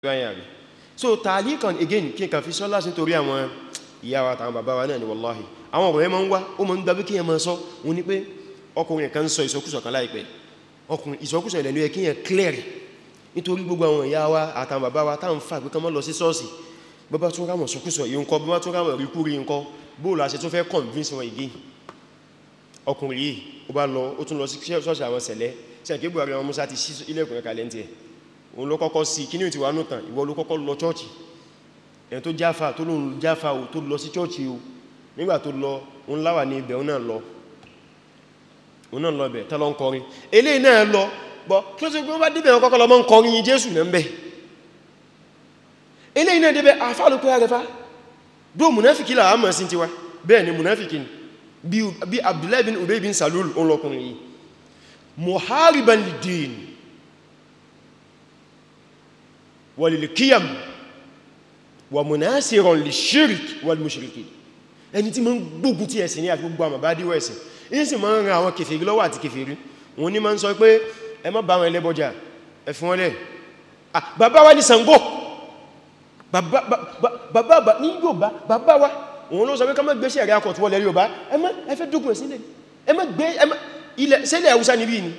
gbáyàrí so talikan again kí kan fi sọ́lá sí torí àwọn ìyáwà tàwọn bàbá wa náà ni wallahi àwọn ọ̀rọ̀ ẹmọ ń wá ó mọ́ ń dábí kí ẹmọ sọ wọn ni pé ọkùnrin kan sọ ìsọkúsọ kan láìpẹ́ ọkùnrin ìsọkúsọ ìlẹ̀nu ẹ kí yẹn clear e. nítorí gbogbo àwọn ìyáwà àtàwọn bàbá wa táwọn fà pé kan mọ́ lọ sí ṣọ́ọ̀ṣì bàbá tún rámọ̀ sọkúsọ yìí ńkọ́ bàbá tún rámọ̀ ríkúrí ńkọ́ bóòlù àṣẹ tún fẹ́ convince wọn again ọkùnrin yìí ó bá lọ ó tún lọ sí ṣọ́ọ̀ṣì àwọn sẹ̀lẹ́ sẹ́kẹ́ buhari àwọn musa ti ṣí ilẹ̀kùnrin kalẹ́ntì ẹ̀ òun ló kọ́kọ́ sí kí ní ìtìwà náà tàn ìwọ ló kọ́kọ́ lọ chọ́ọ̀chì ẹni tó jáfà tó lóun jáfà ò tó lọ sí chọ́ọ̀chì o nígbà tó lọ òun láwà ní ibẹ̀ òun náà lọ òun náà lọ bẹ̀ tẹ́lọ ń kọrin eléyìí náà lọ bọ́ kí ló sì gbọ́n bá débẹ̀ wọn lọ mọ́ ń kọrin Jésù náà bẹ̀ eléyìí náà débẹ̀ àfà ló pẹ́ arẹfà bí o munafiki là á mọ̀ sí tiwa bẹ́ẹ̀ ni munafiki ni bí Abdullahi bin Ubay bin Salul òun lọkùnrin yìí muhariban lidin walilkiyam wa munasiran lishirk walmushrikin ẹni tí ma ń gbógun ti ẹ̀sìn ní àti gbogbo àmàbádíwọ̀ ẹ̀sìn in sì ma ń ra àwọn kèfèrí lọ́wọ́ àti kèfèrí wọn ni ma ń sọ pé ẹ má bá wọn ẹlẹ́bọjà ẹ fún wọn lẹ̀ bàbá wa ní Ṣàngó bàbá ní Yorùbá bàbá wa òun ló sọ pé ká má gbé sí ẹ̀rẹ́ akọ̀ tí wọ́n lẹ́rí Yorùbá ẹ má ẹ fẹ́ dógún ẹ̀sìn lẹ̀ ẹ má gbé ilẹ̀ sẹ́lẹ̀ Haúsá níbí ni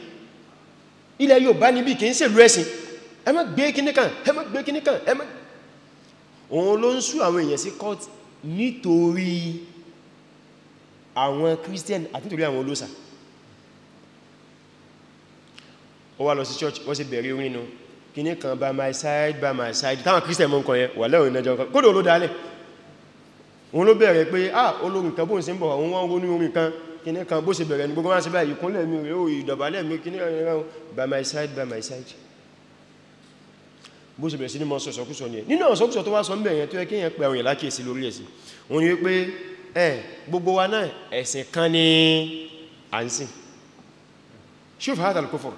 ilẹ̀ Yorùbá níbí kìí ṣèlú ẹ̀sìn ẹ má gbé kíní kan ẹ má gbé kíní kan ẹ má òun ló ń sú àwọn èèyàn sí court nítorí àwọn christian àti nítorí àwọn olóòsà ó wá lọ sí church wọ́n sì bẹ̀rẹ̀ orin nù kíní by my side by my side táwọn christian mọ́ nǹkan yẹn wà lẹ́wọ̀n ìnájọ́ kan kódò ló dálẹ̀ òun ló bẹ̀rẹ̀ pé ah olórin kan bóun sí ń bọ̀ òun wọ́n rónú orin kan kíní kan bó sì bẹ̀rẹ̀ ní gbogbo wọn sí báyìí kúnlẹ̀ mi rẹ̀ ìdọ̀bálẹ̀ mi kíní by my side by my side bó ṣe bẹ̀rẹ̀ sí ní mọ́ sọ̀sọ̀kúsọ̀ ní ẹ̀ nínú ọ̀sọ̀kúsọ̀ tó wá sọ mẹ́rin tó yẹ kí èyàn pẹ̀ àwọn ìlàkíyèsí lórí ẹ̀sìn òun ni wípé ẹ gbogbo wa náà ẹ̀sìn kan ní àǹsìn ṣúf hádàl kúfùr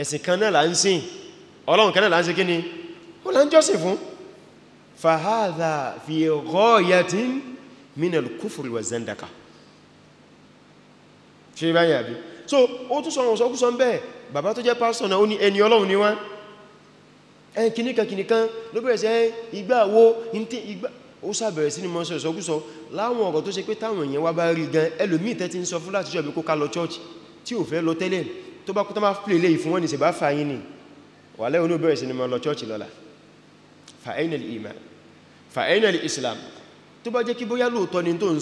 ẹ̀sìn kan náà láǹsìn ọlọ́run kan náà láǹsìn kíni ó là ń jọ́sìn fún fàhádà fi ghayatin minal kúfùr wa zandaka ṣe báyìí àbí so ó tún sọ àwọn ọ̀sọ̀kúsọ̀ ń bẹ́ẹ̀ bàbá tó jẹ́ pásítọ̀ náà ó ní ẹni ọlọ́run ni wọ́n ẹn eh, kìníkan kìníkan ló bẹ̀rẹ̀ sí ẹn eh, ìgbàwó ìntí ìgbà ó sàbẹ̀rẹ̀ sí ni mọ́ sọ ìsọkúsọ láwọn ọ̀rọ̀ tó ṣe pé táwọn èèyàn wá bá rí gan ẹlòmíì tẹ́ ti ń sọ fún láti ṣọ́bí kó ká lọ church tí ò fẹ́ lọ tẹ́lẹ̀ tó bá kútọ́ máa fìlẹ̀ ìfún wọn ni sì bá fa yín ni wà lẹ́wọ́n ló bẹ̀rẹ̀ sí ni mọ́ lọ church lọ́la fa aina al-iman fa aina al-islam tó bá jẹ́ kí bóyá lóòótọ́ ni tó ń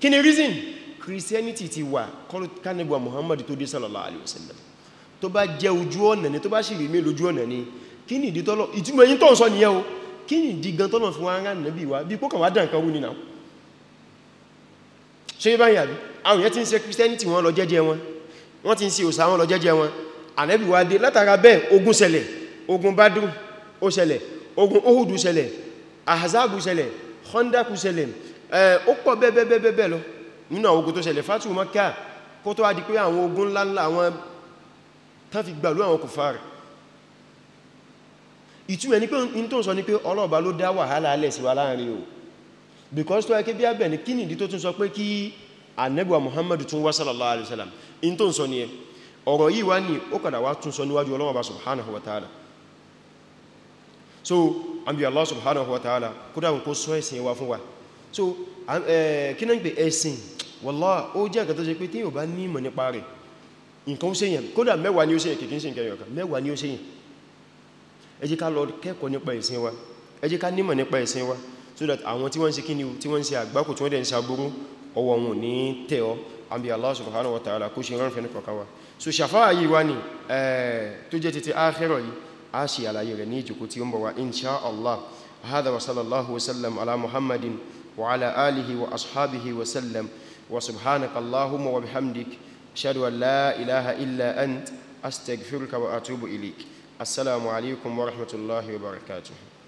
kí ni reason christianity ti wà kánibà muhammad tó dé sallallahu alaihi wasallam tó bá jẹ́ ojú ọ̀nà ni tó bá sì rí mé lójú ọ̀nà ni kí ni ìdí tọ́lọ̀ ìtumọ̀ yí tó ń sọ nìyẹn o kí ni ìdí gan tọ́lọ̀ fún ara nàbí wa bí kókàn dà nǹkan wú nínà ṣe bá yàbí àwọn yẹn ti ń ṣe christianity wọn lọ jẹ́jẹ́ wọn wọ́n ti ń ṣe òsà wọn lọ jẹ́jẹ́ wọn ànẹ́bí wa dé látara bẹ́ẹ̀ ogun ṣẹlẹ̀ ogun badru ó ṣẹlẹ̀ ogun ohudu ṣẹlẹ̀ ahazabu ṣẹlẹ̀ hondaku ṣẹlẹ̀ ó pọ̀ bẹ́ẹ̀ bẹ́ẹ̀ bẹ́ẹ̀ lọ nínú àwọn ogun tó ṣẹlẹ̀ fatu maka kó tó wá di pé àwọn ogun ńláńlá àwọn tán fi gbàlú àwọn kòfàr ìtumẹ̀ ní pé in tó ń sọ ní pé ọlọ́ọ̀bá ló dá wàhálà alẹ́ sí wa láàrin o because tó ẹkẹ́ bí abẹ̀ ní kí nìdí tó tún sọ pé kí anẹ́bùwa muhammadu tún alaihi wasallam in tó ń sọ ní ẹ ọ̀rọ̀ yìí wá ní ó kàdà wá tún subhanahu wa ta'ala so ambi allah subhanahu wa ta'ala kó dáhùn kó sọ ẹ̀sìn wa fún wa so kí náà ń pè wallahi ó jẹ́ nǹkan tó ṣe pé tí yóò bá ní ìmọ̀ nípa rẹ̀ nǹkan ó ṣèyàn kódà mẹ́wàá ni ó ṣèyàn kìkín sí yọ̀kan mẹ́wàá ni ó ṣèyàn ẹ lọ kẹ́kọ̀ọ́ nípa ẹ̀sìn wa ẹ nímọ̀ nípa ẹ̀sìn wa so that àwọn tí wọ́n ń ṣe kíni tí wọ́n ń ṣe àgbákò tí wọ́n dẹ̀ ń ṣaburú ọwọ́ wọn ní tẹ̀ ọ́ àbí Allah wa ta'ala kó ṣe rán fẹ́ nípa so ṣàfáà yìí wá ní eh, tó jẹ́ títí áhẹ́rọ̀ yìí a ṣe àlàyé rẹ̀ ní ìjòkó هذا وصلى الله وسلم على محمد وعلى آله وأصحابه وسلم وسبحانك اللهم وبحمدك أشهد أن لا إله إلا أنت أستغفرك وأتوب إليك السلام عليكم ورحمة الله وبركاته